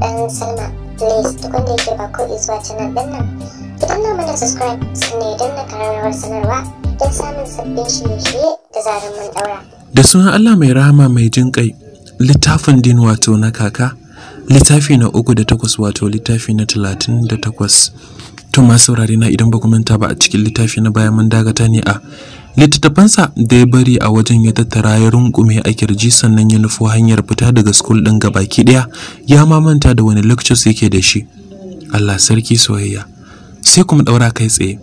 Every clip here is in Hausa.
ɗan salma please duk wanda yake ba ko izuwa canal din nan ki danna mana subscribe sannan ya danna kararrawar sanarwa don samun sabbin shirye-shirye da zarar mun ɗaura. da sunan allah mai rahama mai jin ƙai littafin din wato na kaka littafi na uku da takwas wato littafi na talatin da takwas to masu saurare na idan ba ku manta ba a cikin littafi na baya mun dagata ne a littattafansa da ya bari a wajen ya tattara ya rungume a kirji sannan ya nufo hanyar fita daga school din gabaki daya ya mamanta da wani lectures yake da shi Allah sarki soyayya sai kuma daura kai tsaye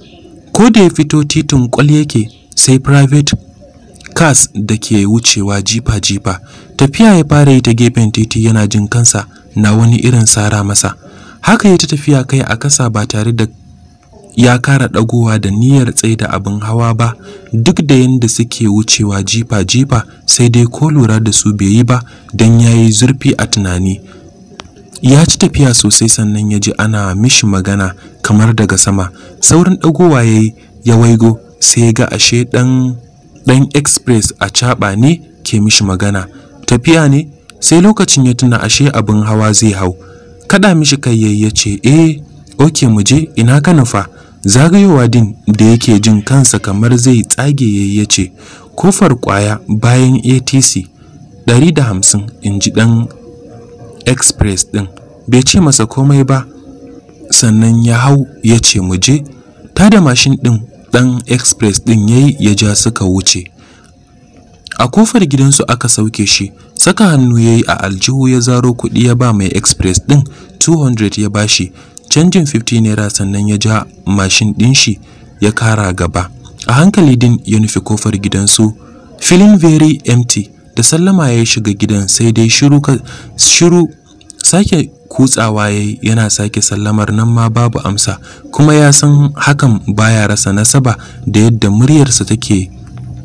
ko da ya fito titin kwal yake sai private cars da ke wucewa jifa jifa tafiya ya fara yi ta gefen titi yana jin kansa na wani irin sara masa haka ya ta tafiya kai a kasa ba tare da ya kara dagowa da niyyar tsaida abin hawa ba duk da yanda suke wucewa jifa-jifa sai dai ko lura da su bai yi ba don ya yi zurfi a tunani ya ci tafiya sosai sannan ya ji ana mishi magana kamar daga sama saurin dagowa ya yi ya waigo sai ga ashe dan dan express a caɓa ne ke mishi magana tafiya ne sai lokacin ya tuna ashe abin hawa zai hau kada mishi kai ya ce eh oke okay, mu ina ka nufa zagayowa din da yake jin kansa kamar zai tsage ya ce kofar kwaya bayan atc 150 in ji dan express din bai ce masa komai ba sannan ya hau ya ce mu je ta da mashin din dan express din yayi ya ja suka wuce a kofar gidansu aka sauke shi saka hannu yayi a aljihu ya zaro kuɗi ya ba mai express din 200 ya bashi canjin 50 naira sannan ya ja mashin din shi ya kara gaba a hankali din ya nufi kofar gidansu feeling very empty da sallama ya shiga gidan sai dai shiru shiru sake kutsawa yayi yana sake sallamar nan ma babu amsa kuma ya san hakan baya rasa nasaba da yadda muryarsa take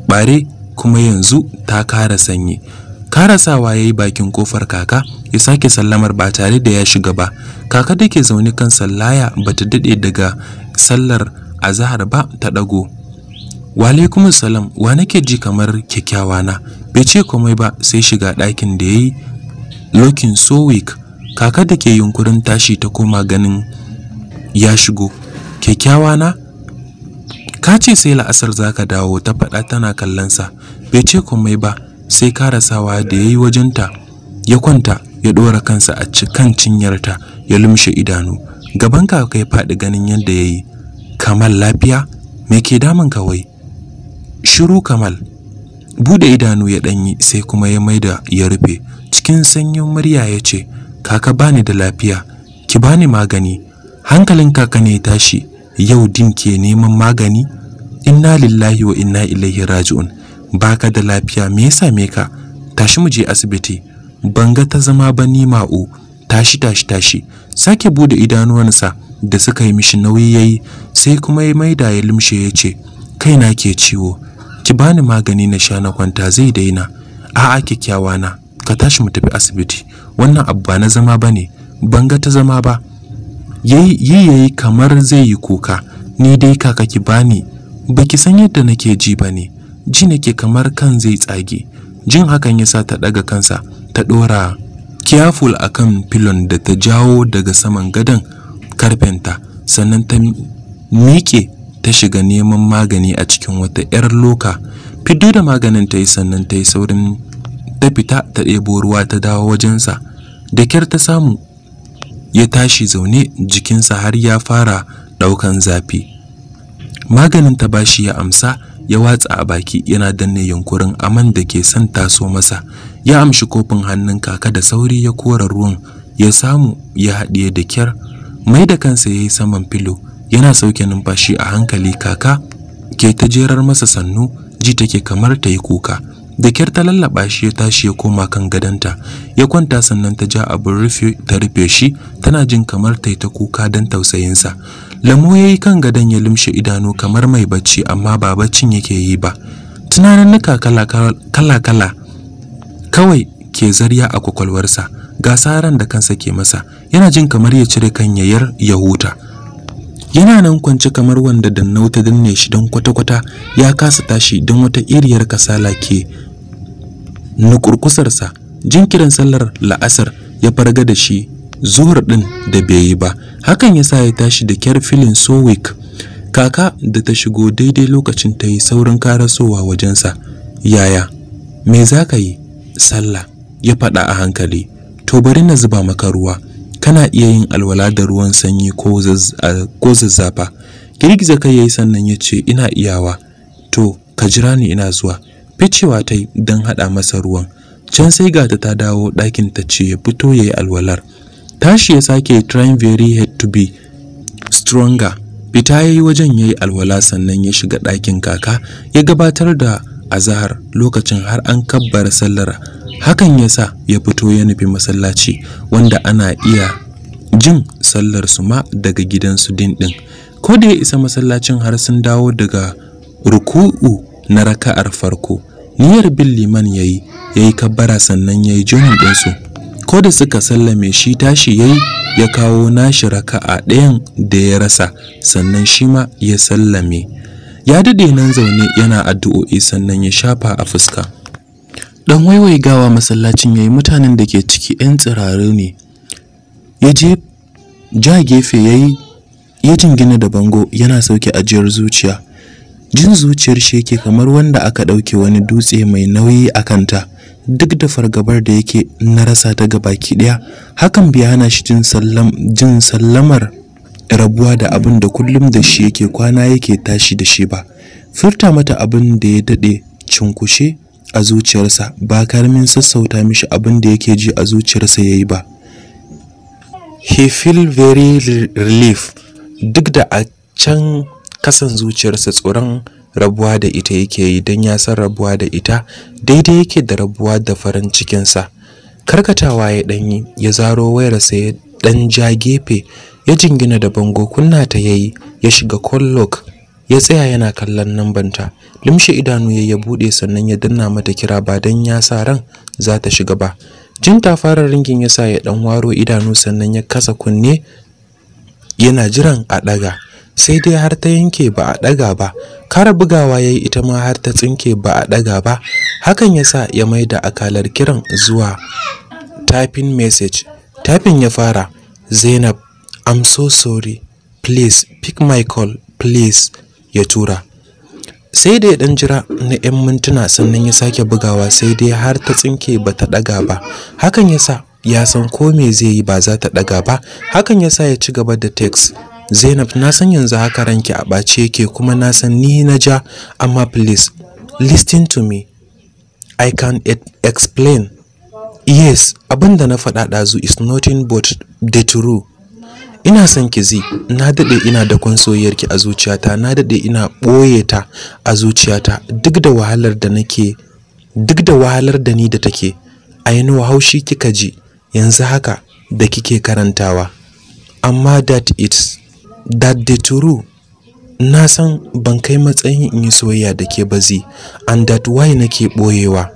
bare kuma yanzu ta kara sanyi karasawa ya yi bakin kofar kaka ya sake sallamar ba tare da ya shiga ba kaka da ke zaune kan sallaya ba ta daɗe daga sallar azahar ba ta ɗago walaikumus salam wa nake ji kamar kyakkyawa na bai ce komai ba sai shiga ɗakin da ya yi lokin sowik kaka da ke yunkurin tashi ta koma ganin ya shigo kyakkyawa na ka ce sai la'asar za ka dawo ta faɗa tana kallonsa bai ce komai ba sai karasawa da ya yi wajenta ya kwanta ya ɗora kansa a kan cinyarta ya lumshe idanu gaban kaka ya faɗi ganin yadda ya yi kamal lafiya me ke damun kawai shiru kamal bude idanu ya ɗanyi sai kuma ya maida ya rufe cikin sanyin murya ya ce kaka bani da lafiya ki bani magani hankalin kaka ne tashi yau din ke neman magani inna lillahi wa inna ilaihi raji'un baka da lafiya me ya same ka tashi mu je asibiti ban ga ta zama ba ni ma'u tashi tashi tashi sake bude idanuwansa da suka yi mishi nauyi yayi sai kuma ya maida ya lumshe ya ce Kai na ke ciwo ki bani magani na sha na kwanta zai daina a'a kyakkyawa na ka tashi mu tafi asibiti wannan abu ba na zama bane ban ga ta zama ba yayi yayi kamar zai yi kuka ni dai kaka ki bani baki san yadda nake ji bane ji nake kamar kan zai tsage jin hakan ya sa ta ɗaga kansa ta ɗora careful akan filon da ta jawo daga saman gadon karfenta sannan ta miƙe ta shiga neman magani a cikin wata 'yar loka fiddo da maganin ta yi sannan ta yi saurin ta fita ta ɗebo ruwa ta dawo wajensa da kyar ta samu ya tashi zaune jikinsa har ya fara ɗaukan zafi maganin ta bashi ya amsa ya watsa a baki yana danne yunkurin aman da ke son taso masa ya amshi kofin hannun kaka da sauri ya kora ruwan ya samu ya haɗiye da kyar mai da kansa ya yi saman filo yana sauke numfashi a hankali kaka ke ta jerar masa sannu ji take kamar ta yi kuka da kyar ta lallaɓa shi ya tashi ya koma kan gadonta ya kwanta sannan ta ja abin rufe ta rufe shi tana jin kamar ta yi ta kuka don tausayinsa Lamu ya yi kan gadon ya limshe idanu kamar mai bacci amma ba baccin yake yi ba. Tunaninnika kala-kala kawai ke zarya a kwakwalwarsa ga saran da kansa ke masa yana jin kamar ya cire kan yayar ya huta. Yana nan kwance kamar wanda danna wuta danne shi don kwata-kwata ya kasa tashi don wata iriyar kasala ke nukurkusarsa jinkirin sallar la'asar ya farga da shi zuhur din da bai yi ba hakan yasa ya tashi da kyar filin so kaka da ta shigo daidai lokacin ta yi saurin karasowa wajensa yaya me za ka yi sallah ya faɗa a hankali to bari na zuba maka ruwa kana iya yin alwala da ruwan sanyi ko zazzafa girgiza kai yayi sannan ya ce ina iyawa to ka jira ni ina zuwa ficewa ta yi don haɗa masa ruwan can sai gata ta dawo ɗakin ta ce ya fito ya yi alwalar tashi ya sake trying very hard to be stronger fita ya yi wajen ya yi alwala sannan ya shiga ɗakin kaka ya gabatar da azahar lokacin har an kabbara sallar hakan ya sa ya fito ya nufi masallaci wanda ana iya jin sallar su ma daga gidansu dindin ko da ya isa masallacin har sun dawo daga ruku'u na raka'ar farko niyyar bin liman ya yi kabbara sannan ya yi jihun ɗinsu ko da suka sallame shi tashi yayi ya kawo nashi raka'a ɗayan da ya rasa sannan shi ma ya sallame ya dade nan zaune yana addu'o'i sannan ya shafa a fuska dan gawa masallacin yayi mutanen da ke ciki yan tsirare ne ya je ja gefe yayi ya jingina da bango yana sauke ajiyar zuciya jin zuciyar shi kamar wanda aka ɗauke wani dutse mai nauyi a kanta duk da fargabar da yake na rasa daga baki daya hakan bai hana shi jin sallam jin sallamar rabuwa da abin da kullum da shi yake kwana yake tashi da shi ba furta mata abin da ya dade cinkushe a zuciyarsa ba karamin sassauta mishi abin da yake ji a zuciyarsa yayi ba he feel very relief duk da a can kasan zuciyarsa tsoron rabuwa da ita yake yi don ya san rabuwa da ita daidai yake da rabuwa da farin cikinsa karkatawa ya ɗanyi ya zaro wayarsa ya ɗan ja gefe ya jingina da bango kunna ta yayi ya shiga kollok ya tsaya yana kallon nambanta limshe idanu ya buɗe sannan ya danna mata kira ba don ya sa ran za ta shiga ba jin ta fara ringin ya sa ya ɗan waro idanu sannan ya kasa kunne yana jiran a ɗaga sai dai har ta yanke ba a ɗaga ba kara bugawa yayi ita ma har ta tsinke ba a ɗaga ba hakan yasa ya mai da akalar kiran zuwa typing message typing ya fara zainab i'm so sorry please pick my call please ya tura sai dai dan jira na 'yan mintuna sannan ya sake bugawa sai dai har ta tsinke ba ta ɗaga ba hakan yasa ya san ko me zai yi ba za ta ɗaga ba hakan yasa ya ci gaba da text Zainab na san yanzu haka ranki a ɓace yake kuma na san ni na ja amma please listen to me I can explain yes abinda na faɗa ɗazu is nothing but the true ina san ki zi na daɗe ina da kun soyayyarki a zuciyata na daɗe ina ɓoye ta a zuciyata duk da wahalar da nake duk da wahalar da ni da take a yi haushi kika ji yanzu haka da kike karantawa amma that it's that the true na san ban kai matsayin in yi soyayya da ke bazi and that why nake boyewa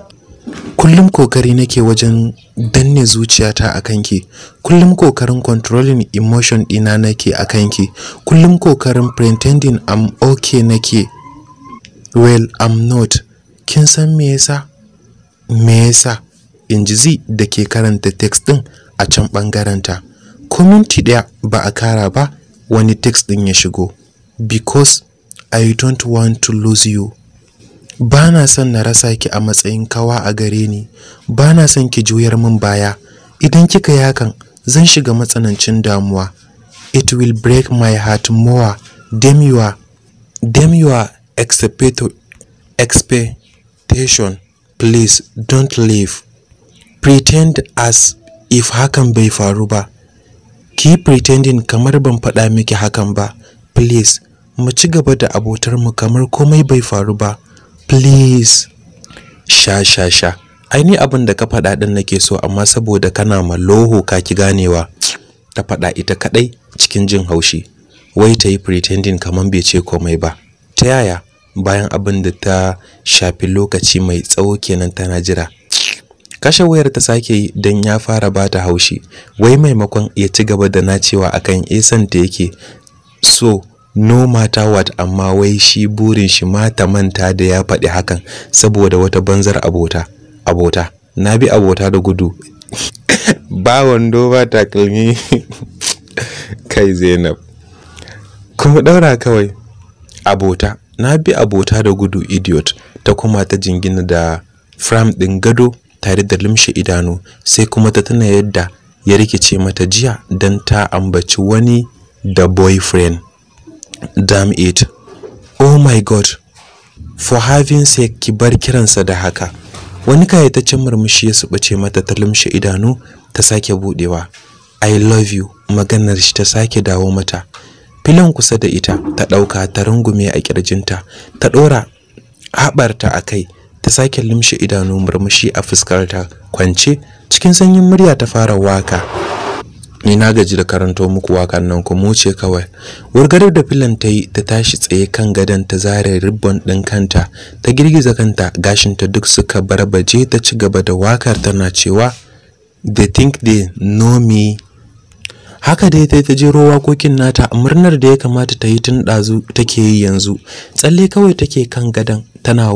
kullum kokari nake wajen danne zuciyata a kanki kullum kokarin controlling emotion ɗina nake a kanki kullum kokarin pretending I'm okay nake well I'm not kin san me yasa me yasa inji zi da ke karanta text din a can bangaren ta ko minti daya ba a kara ba wani text din ya shigo because i don't want to lose you ba na son na rasa ki a matsayin kawa a gare ni ba na son ki juyar min baya idan kika yakan zan shiga matsanancin damuwa it will break my heart more than your than your expectation please don't leave pretend as if hakan bai faru ba ki pretending kamar ban faɗa miki hakan ba please mu ci gaba da abotar mu kamar komai bai faru ba please sha sha sha aini abin da ka faɗa din nake so amma saboda kana maloho ka ki ganewa ta faɗa ita kadai cikin jin haushi wai ta yi pretending kamar bai ce komai ba ta yaya bayan abin da ta shafi lokaci mai tsawo kenan tana jira kashe wayar ta sake yi don ya fara bata haushi wai maimakon ya ci gaba da na cewa akan esan eh, ta yake so no matter what amma wai shi burin shi mata manta da ya faɗi hakan saboda wata banzar abota abota na bi abota da gudu ba wando ba takalmi kai zainab kuma ɗaura kawai abota na bi abota da gudu idiot ta kuma ta jingina da fram ɗin gado tare da limshe idanu sai kuma ta tana yadda ya rikice mata jiya don ta ambaci wani da boyfriend damn it oh my god for having sake ki bar kiransa da haka wani kayataccen murmushi ya subace mata ta limshe idanu ta sake budewa i love you maganar shi ta sake dawo mata filin kusa da ita ta ɗauka ta rungume a kirjinta ta dora haɓarta a kai ta sake lumshe idanu murmushi a fuskarta kwance cikin sanyin murya ta fara waka ni na gaji da karanto muku wakan nan kuma muce kawai wurgar da filan ta yi ta tashi tsaye kan gadon ta zare ribbon ɗin kanta ta girgiza kanta gashinta duk suka barbaje ta ci gaba da wakar tana cewa they think they know me haka dai ta ta jero wakokin nata murnar da ya kamata ta yi tun ɗazu take yi yanzu tsalle kawai take kan gadon tana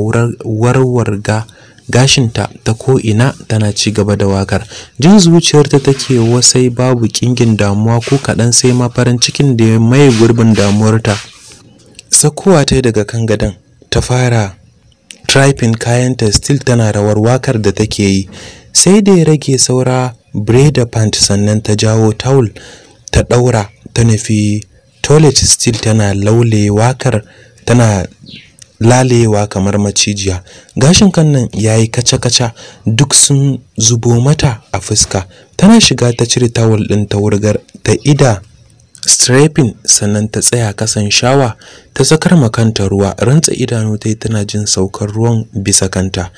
warwarga gashinta ta ko'ina tana ci gaba da wakar jin zuciyarta take wasai babu kingin damuwa ko kaɗan sai ma farin cikin da ya maye gurbin damuwarta sakowa ta daga kan gadon ta fara tripin kayanta still tana rawar wakar da take yi sai da ya rage saura breda pant sannan ta jawo towel ta ɗaura ta nufi toilet still tana laule wakar tana Lalewa kamar macijiya gashin kan nan yi kaca-kaca duk sun zubo mata a fuska tana shiga ta cire tawul din ta wurgar ta ida strapping sannan ta tsaya kasan shawa ta sakar kanta ruwa rantsa idanu ta yi tana jin saukar ruwan bisa kanta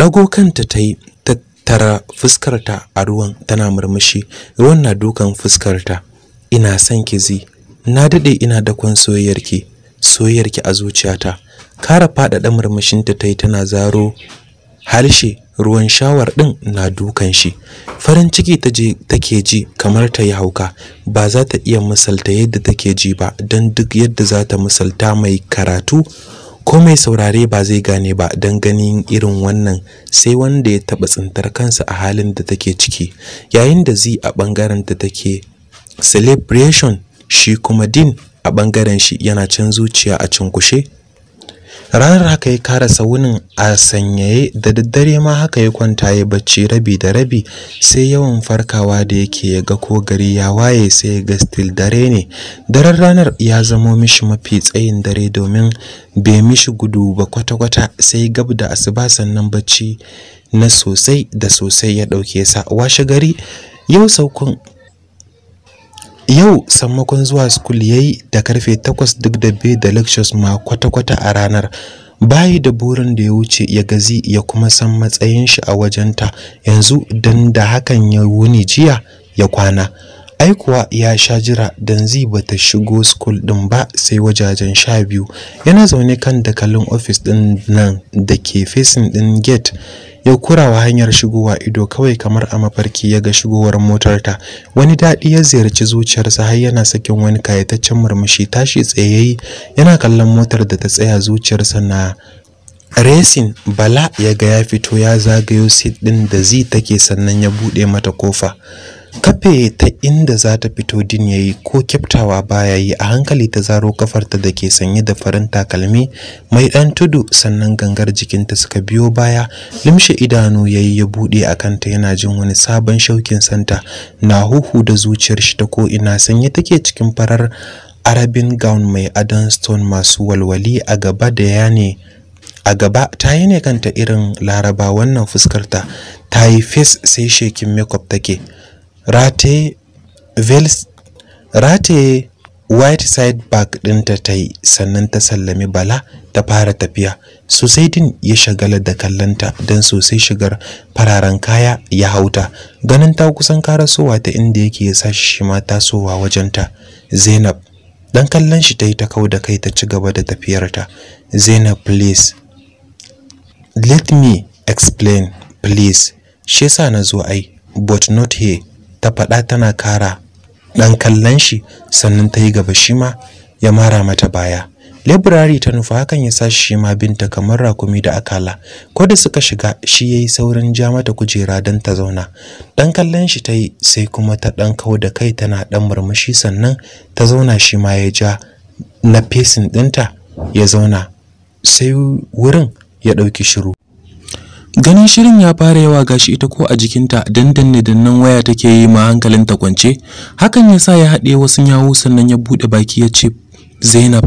ɗago kanta ta yi ta tara fuskarta a ruwan tana murmushi ruwan na dukan fuskarta ina son ki zi na daɗe ina dakon soyayyarki soyayyarki a zuciyata kara faɗaɗa murmushinta ta yi tana zaro harshe ruwan shawar ɗin na dukan shi farin ciki take ji kamar ta yi hauka ba za ta iya misalta yadda take ji ba don duk yadda za ta misalta mai karatu ko mai saurare ba zai gane ba don ganin irin wannan sai wanda ya taɓa tsintar kansa a halin da take ciki yayin da zi a ɓangaren ta take celebration shi kuma din a ɓangaren shi yana can zuciya a cunkushe ranar haka ya karasa wunin a sanyaye da daddare ma haka ya kwanta ya bacci rabi da rabi sai yawan farkawa da yake ya ga ko gari ya waye sai ya ga still dare ne daren ranar ya zamo mishi mafi tsayin dare domin bai mishi gudu ba kwata-kwata sai gab da asuba sannan bacci na sosai da sosai ya ɗauke sa washe gari yau saukun yau sammakon zuwa school yayi da karfe 8 duk da bai da lectures ma kwata-kwata a ranar bayi da burin da ya wuce ya gazi ya kuma san matsayin shi a wajenta yanzu dan da hakan ya wuni jiya ya kwana ai kuwa ya sha jira dan ba bata shigo school din ba sai wajajen sha biyu yana zaune kan dakalin ofis din nan da ke facing din gate ya kurawa hanyar shigowa ido kawai kamar a mafarki ya ga shigowar motarta wani daɗi ya ziyarci zuciyarsa har yana sakin wani kayataccen murmushi tashi tsayayi yana kallon motar da ta tsaya zuciyarsa na Resin Bala ya ga ya fito ya zagayo sit ɗin da zi take sannan ya buɗe mata kofa kafe ta inda za ta fito din yayi ko kyaftawa baya yi a hankali ta zaro kafarta da ke sanye da farin takalmi mai dan tudu sannan gangar jikinta suka biyo baya limshe idanu yayi ya bude a kanta yana jin wani sabon shaukin santa na huhu da zuciyar shi ta ko ina sanye take cikin farar arabin gown mai adon stone masu walwali a gaba da yane a gaba ta yi ne kanta irin laraba wannan fuskarta ta yi face sai shekin makeup take vels rataye white side back ɗinta ta yi sannan ta sallami bala ta fara tafiya sosai din ya shagala da kallanta don sosai shigar fararen kaya ya hauta ganin ta kusan karasowa ta inda yake ya sa shi ma tasowa wajenta zainab dan kallon shi ta yi ta kau da kai ta ci gaba da tafiyarta zainab please let me explain please shi yasa na zo ai but not here ta faɗa tana kara ɗan kallon shi sannan ta yi gaba shi ma ya mara mata baya Library ta nufa hakan ya sa shi ma binta kamar rakumi da akala ko da suka shiga shi yayi saurin ja mata kujera don ta zauna dan kallon shi ta yi sai kuma ta dan kau da kai tana dan murmushi sannan ta zauna shi ma ya ja na fesin dinta ya zauna sai wurin ya dauki shiru ganin shirin ya fara yawa gashi ita ko a jikinta dandanne dannan waya take yi ma hankalin ta kwance hakan ya sa ya haɗe wasu yawo sannan ya buɗe baki ya ce zainab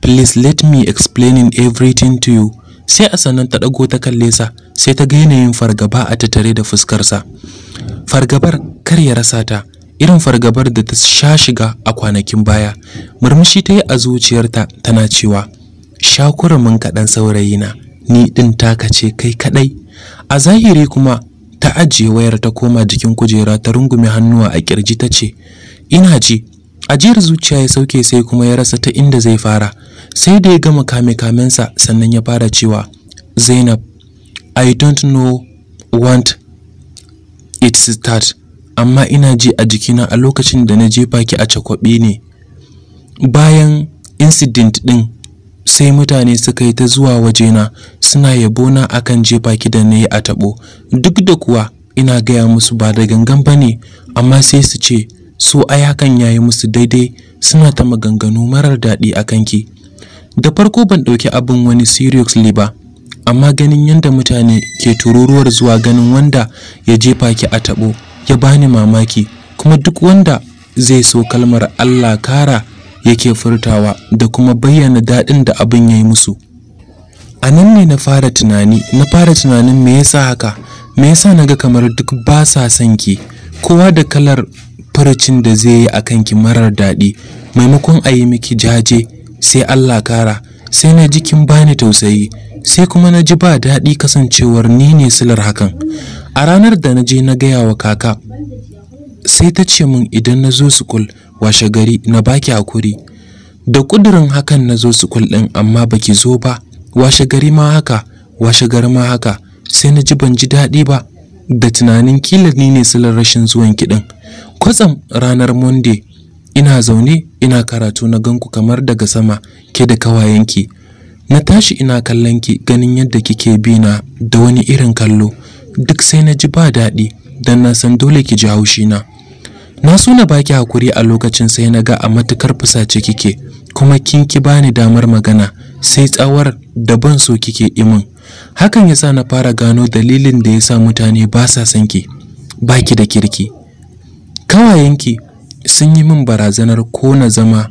please let me explain everything to you sai a sannan ta ɗago ta kalle sa sai ta ga yanayin fargaba a tattare da fuskarsa fargabar kar ya rasa ta irin fargabar da ta sha shiga a kwanakin baya murmushi ta yi a zuciyarta tana cewa shakura mun kaɗan saurayina ni ɗin taka ce kai kaɗai a zahiri kuma ta ajiye wayar ta koma jikin kujera ta rungume hannuwa a kirji ta ce ina ji ajiyar zuciya ya sauke sai kuma ya rasa ta inda zai fara sai da ya gama kame kamensa sannan ya fara cewa zainab i don't know want it start amma ina ji a jikina a lokacin da na jefa ki a cakwabe ne bayan incident din sai mutane suka yi ta zuwa wajena suna yabo na akan jefa ki da yi a tabo duk da kuwa ina gaya musu ba da gangan bane amma sai su ce su ai hakan yayi musu daidai suna ta maganganu marar daɗi akan ki da farko ban ɗauki abin wani seriously ba amma ganin yadda mutane ke tururuwar zuwa ganin wanda ya jefa ki a tabo ya bani mamaki kuma duk wanda zai so kalmar Allah kara yake furtawa da kuma bayyana daɗin da abin ya yi musu a nan ne na fara tunani na fara tunanin me yasa haka me yasa naga kamar duk ba sa son ki kowa da kalar farcin da zai yi a kanki marar daɗi maimakon a yi miki jaje sai Allah kara sai na ji kin bani tausayi sai kuma na ji ba daɗi kasancewar ni ne silar hakan a ranar da na je na gaya wa kaka sai ta ce min idan na zo sukul washe gari na baki hakuri da kudirin hakan na zo sukul din amma baki zo ba washe gari ma haka washe gari ma haka sai na ji ban ji daɗi ba da tunanin kila ni ne silar rashin zuwan kiɗin kwatsam ranar monday ina zaune ina karatu na ganku kamar daga sama ke da kawayenki na tashi ina kallon ki ganin yadda kike bi na da wani irin kallo duk sai na ji ba daɗi Dan na san dole ki ji haushi na na suna baki hakuri a lokacin sai na ga a matukar fusace kike kuma kin ki bani damar magana sai tsawar da ban so kike imin hakan yasa na fara gano dalilin da yasa mutane ba sa son ki baki da kirki kawayenki sun yi min barazanar ko na zama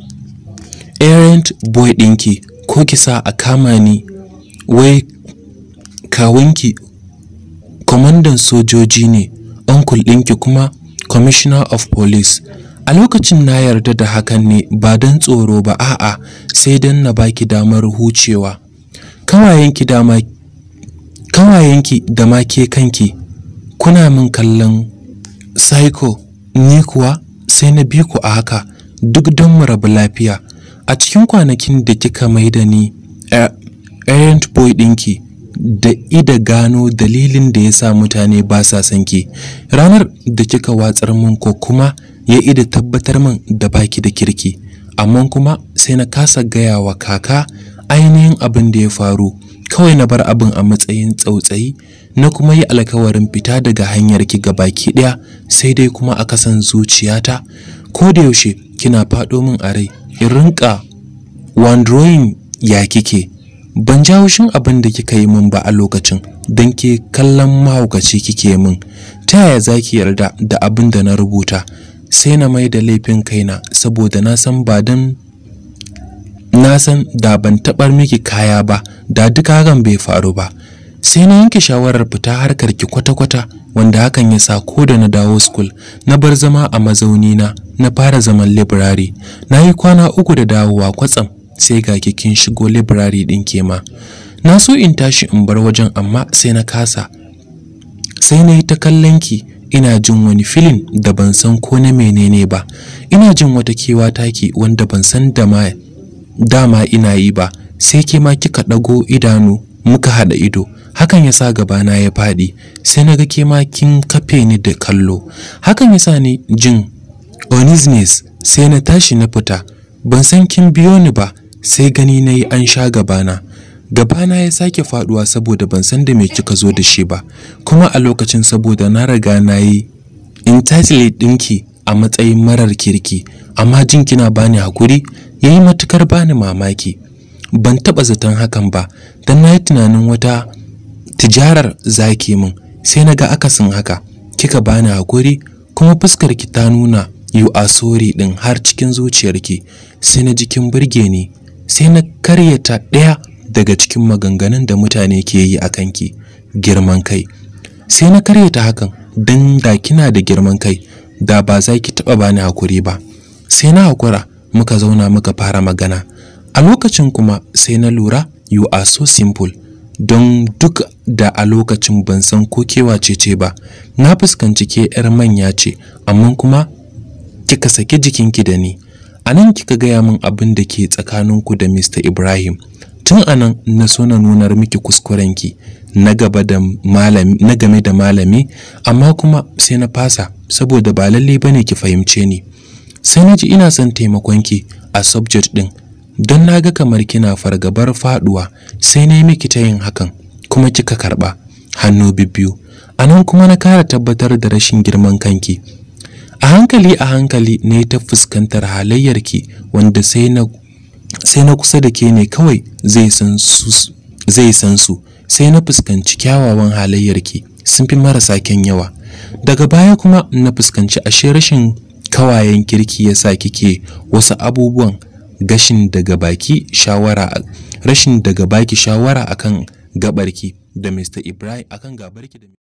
errant boy dinki ko kisa a kama ni wai kawunki kwamandan sojoji ne onkul dinki kuma commissioner of police a lokacin na yarda da hakan ne ba don tsoro ba a'a sai don na baki damar hucewa kawayenki da ma ke kanki kuna min kallon psycho ni kuwa sai na bi ku a haka duk don mu rabu lafiya a cikin kwanakin da kika mai da ni eh, errant boy ɗinki da ida gano dalilin da ya sa mutane ba sa son ki ranar da kika watsar min ko kuma ya ida tabbatar min da baki da kirki amma kuma sai na kasa gaya wa kaka ainihin abin da ya faru kawai na bar abin a matsayin tsautsayi na kuma yi alkawarin fita daga hanyar ki ga baki daya sai dai kuma a kasan zuciyata ko da yaushe kina fado min a rai in rinka wandering ya kike ban jawo shin abin da kika yi min ba a lokacin don ke kallon mahaukaci kike min ta yaya za ki yarda da abin da na rubuta sai na mai da laifin kaina saboda na san ba don na san da ban taɓa miki kaya ba da duk hakan bai faru ba sai na yanke shawarar fita harkar ki kwata-kwata wanda hakan ya sa ko da na dawo school na bar zama a mazauni na na fara zaman library na yi kwana uku da dawowa kwatsam sai ga kin shigo library din ke ma na so in tashi in bar wajen amma sai na kasa sai na yi ta kallon ki ina jin wani filin da ban san ko na menene ba ina jin wata kewa taki wanda ban san da ma dama ina yi ba sai ke ma kika dago idanu muka hada ido hakan yasa gabana ya fadi sai naga ke ma kin kafe ni da kallo hakan yasa ni jin onisnes sai na tashi na fita ban san kin biyo ni ba sai gani na yi an sha gabana gabana ya sake faduwa saboda ban san da mai kika zo da shi ba kuma a lokacin saboda na riga na yi entitled ɗinki a matsayin marar kirki amma jin kina bani hakuri yayi matukar bani mamaki ban taba zaton hakan ba dan nayi tunanin wata tijarar zaki min sai naga akasin haka kika bani hakuri kuma fuskar ki ta nuna you are sorry din har cikin zuciyarki sai na jikin burge ni sai na karyata ɗaya daga cikin maganganun da mutane ke yi a kanki girman kai sai na karyata hakan don da kina da girman kai da ba za ki taɓa bani hakuri ba sai na hakura muka zauna muka fara magana a lokacin kuma sai na lura you are so simple don duk da a lokacin ban san ko kewa ce ba na fuskanci ke 'yar manya ce amma kuma kika saki jikinki da ni anan nan kika gaya min abin da ke tsakaninku da Mr. Ibrahim tun anan na so na nunar miki kuskurenki na gaba da malami na game da malami amma kuma sai na fasa saboda ba lalle bane ki fahimce ni sai na ji ina son taimakonki a subject din don na ga kamar kina fargabar faduwa sai na yi miki ta yin hakan kuma kika karba hannu bibbiyu anan kuma na kara tabbatar da rashin girman kanki a hankali a hankali ne ta fuskantar halayyarki wanda sai na sai na kusa da ke ne kawai zai san su zai san su sai na fuskanci kyawawan halayyarki sun fi marasa kyan yawa daga baya kuma na fuskanci ashe rashin kawayen kirki ya sa kike wasu abubuwan gashin daga baki shawara rashin daga baki shawara akan gabarki da Mr Ibrahim akan gabarki da